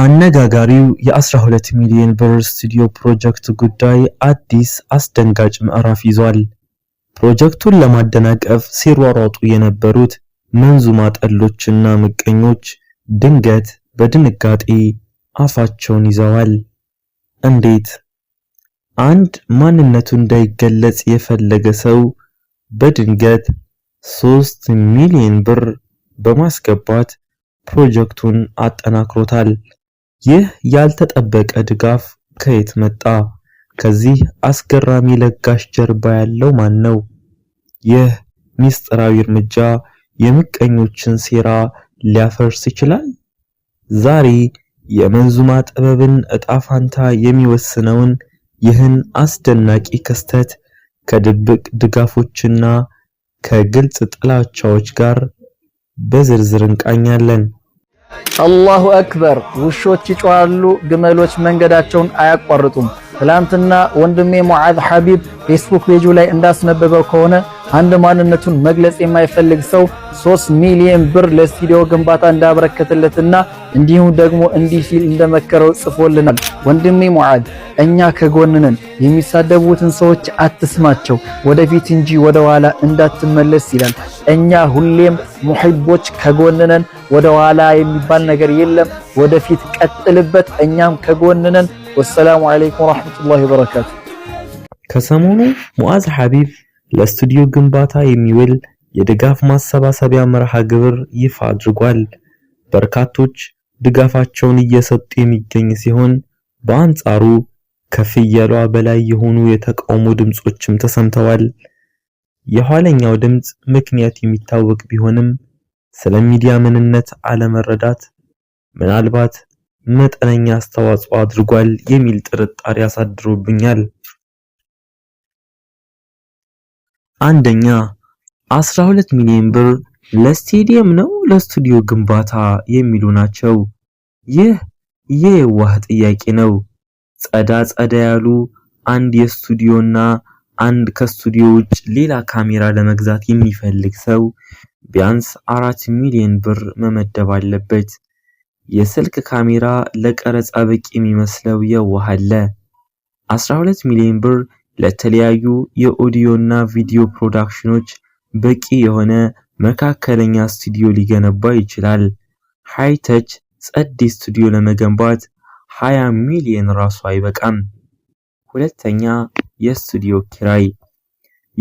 አነጋጋሪው የ12 ሚሊዮን ብር ስቱዲዮ ፕሮጀክት ጉዳይ አዲስ አስደንጋጭ ምዕራፍ ይዟል። ፕሮጀክቱን ለማደናቀፍ ሲሯሯጡ የነበሩት መንዙማ ጠሎችና ምቀኞች ድንገት በድንጋጤ አፋቸውን ይዘዋል። እንዴት አንድ ማንነቱ እንዳይገለጽ የፈለገ ሰው በድንገት 3 ሚሊዮን ብር በማስገባት ፕሮጀክቱን አጠናክሮታል። ይህ ያልተጠበቀ ድጋፍ ከየት መጣ? ከዚህ አስገራሚ ለጋሽ ጀርባ ያለው ማን ነው? ይህ ሚስጥራዊ እርምጃ የምቀኞችን ሴራ ሊያፈርስ ይችላል። ዛሬ የመንዙማ ጥበብን እጣ ፋንታ የሚወስነውን ይህን አስደናቂ ክስተት ከድብቅ ድጋፎችና ከግልጽ ጥላቻዎች ጋር በዝርዝር እንቃኛለን። አላሁ አክበር። ውሾች ይጮኻሉ፣ ግመሎች መንገዳቸውን አያቋርጡም። ትላንትና ወንድሜ ሙዓዝ ሐቢብ ፌስቡክ ፔጁ ላይ እንዳስነበበው ከሆነ አንድ ማንነቱን መግለጽ የማይፈልግ ሰው 3 ሚሊዮን ብር ለስቱዲዮ ግንባታ እንዳበረከተለትና እንዲሁም ደግሞ እንዲህ ሲል እንደመከረው ጽፎልናል። ወንድሜ ሙዓድ፣ እኛ ከጎንነን። የሚሳደቡትን ሰዎች አትስማቸው፣ ወደፊት እንጂ ወደ ኋላ እንዳትመለስ ይላል። እኛ ሁሌም ሙሂቦች ከጎንነን። ወደ ኋላ የሚባል ነገር የለም። ወደፊት ቀጥልበት፣ እኛም ከጎንነን። ወሰላሙ አለይኩም ወራህመቱላሂ ወበረካቱ። ከሰሞኑ ሙዓዝ ሐቢብ ለስቱዲዮ ግንባታ የሚውል የድጋፍ ማሰባሰቢያ መርሃ ግብር ይፋ አድርጓል። በርካቶች ድጋፋቸውን እየሰጡ የሚገኝ ሲሆን በአንጻሩ ከፍየሏ በላይ የሆኑ የተቃውሞ ድምጾችም ተሰምተዋል። የኋለኛው ድምጽ ምክንያት የሚታወቅ ቢሆንም ስለ ሚዲያ ምንነት አለመረዳት ምናልባት መጠነኛ አስተዋጽኦ አድርጓል የሚል ጥርጣሬ አሳድሮብኛል። አንደኛ 12 ሚሊዮን ብር ለስቴዲየም ነው ለስቱዲዮ ግንባታ የሚሉ ናቸው። ይህ የዋህ ጥያቄ ነው። ጸዳ ጸዳ ያሉ አንድ የስቱዲዮና አንድ ከስቱዲዮ ውጭ ሌላ ካሜራ ለመግዛት የሚፈልግ ሰው ቢያንስ አራት ሚሊዮን ብር መመደብ አለበት። የስልክ ካሜራ ለቀረጻ በቂ የሚመስለው የዋህ አለ። 12 ሚሊዮን ብር ለተለያዩ የኦዲዮና ቪዲዮ ፕሮዳክሽኖች በቂ የሆነ መካከለኛ ስቱዲዮ ሊገነባ ይችላል። ሃይተች ጸድ ስቱዲዮ ለመገንባት 20 ሚሊዮን ራሱ አይበቃም። ሁለተኛ የስቱዲዮ ኪራይ።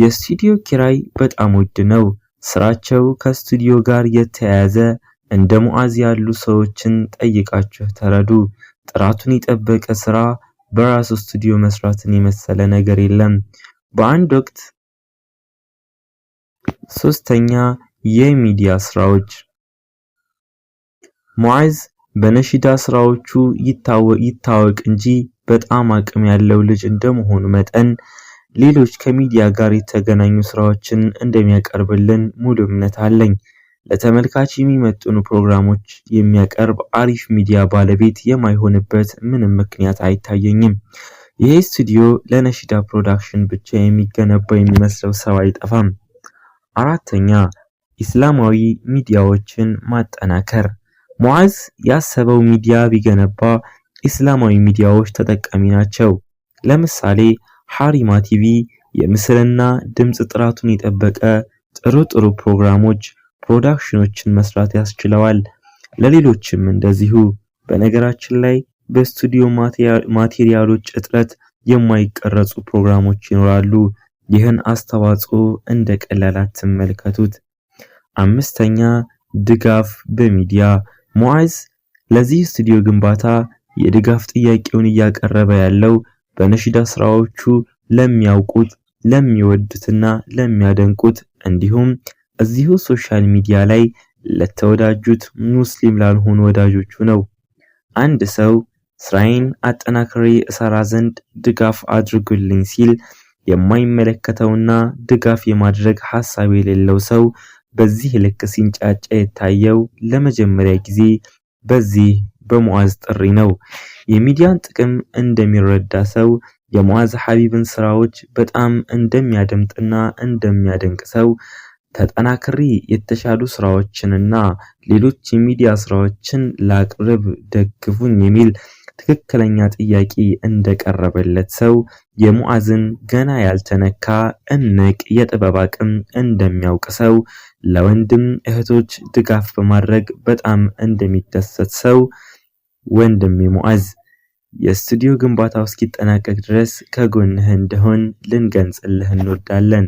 የስቱዲዮ ኪራይ በጣም ውድ ነው። ስራቸው ከስቱዲዮ ጋር የተያያዘ እንደ ሙዓዝ ያሉ ሰዎችን ጠይቃችሁ ተረዱ። ጥራቱን የጠበቀ ስራ በራሱ ስቱዲዮ መስራትን የመሰለ ነገር የለም። በአንድ ወቅት ሶስተኛ የሚዲያ ስራዎች ሙዓዝ በነሽዳ ስራዎቹ ይታወቅ እንጂ በጣም አቅም ያለው ልጅ እንደመሆኑ መጠን ሌሎች ከሚዲያ ጋር የተገናኙ ስራዎችን እንደሚያቀርብልን ሙሉ እምነት አለኝ። ለተመልካች የሚመጥኑ ፕሮግራሞች የሚያቀርብ አሪፍ ሚዲያ ባለቤት የማይሆንበት ምንም ምክንያት አይታየኝም። ይሄ ስቱዲዮ ለነሽዳ ፕሮዳክሽን ብቻ የሚገነባ የሚመስለው ሰው አይጠፋም። አራተኛ ኢስላማዊ ሚዲያዎችን ማጠናከር። ሙዓዝ ያሰበው ሚዲያ ቢገነባ ኢስላማዊ ሚዲያዎች ተጠቃሚ ናቸው። ለምሳሌ ሐሪማ ቲቪ የምስልና ድምፅ ጥራቱን የጠበቀ ጥሩ ጥሩ ፕሮግራሞች ፕሮዳክሽኖችን መስራት ያስችለዋል። ለሌሎችም እንደዚሁ። በነገራችን ላይ በስቱዲዮ ማቴሪያሎች እጥረት የማይቀረጹ ፕሮግራሞች ይኖራሉ። ይህን አስተዋጽኦ እንደ ቀላል አትመልከቱት። አምስተኛ ድጋፍ በሚዲያ ሙዓዝ ለዚህ ስቱዲዮ ግንባታ የድጋፍ ጥያቄውን እያቀረበ ያለው በነሽዳ ስራዎቹ ለሚያውቁት ለሚወዱትና ለሚያደንቁት እንዲሁም እዚሁ ሶሻል ሚዲያ ላይ ለተወዳጁት ሙስሊም ላልሆኑ ወዳጆቹ ነው። አንድ ሰው ስራዬን አጠናክሬ እሰራ ዘንድ ድጋፍ አድርጉልኝ ሲል የማይመለከተውና ድጋፍ የማድረግ ሐሳብ የሌለው ሰው በዚህ ልክ ሲንጫጫ የታየው ለመጀመሪያ ጊዜ በዚህ በሙዓዝ ጥሪ ነው። የሚዲያን ጥቅም እንደሚረዳ ሰው የሙዓዝ ሐቢብን ስራዎች በጣም እንደሚያደምጥና እንደሚያደንቅ ሰው ተጠናክሬ የተሻሉ ስራዎችንና ሌሎች የሚዲያ ስራዎችን ላቅርብ ደግፉኝ የሚል ትክክለኛ ጥያቄ እንደቀረበለት ሰው የሙዓዝን ገና ያልተነካ እምቅ የጥበብ አቅም እንደሚያውቅ ሰው ለወንድም እህቶች ድጋፍ በማድረግ በጣም እንደሚደሰት ሰው ወንድሜ ሙዓዝ የስቱዲዮ ግንባታው እስኪጠናቀቅ ድረስ ከጎንህ እንደሆን ልንገልጽልህ እንወዳለን።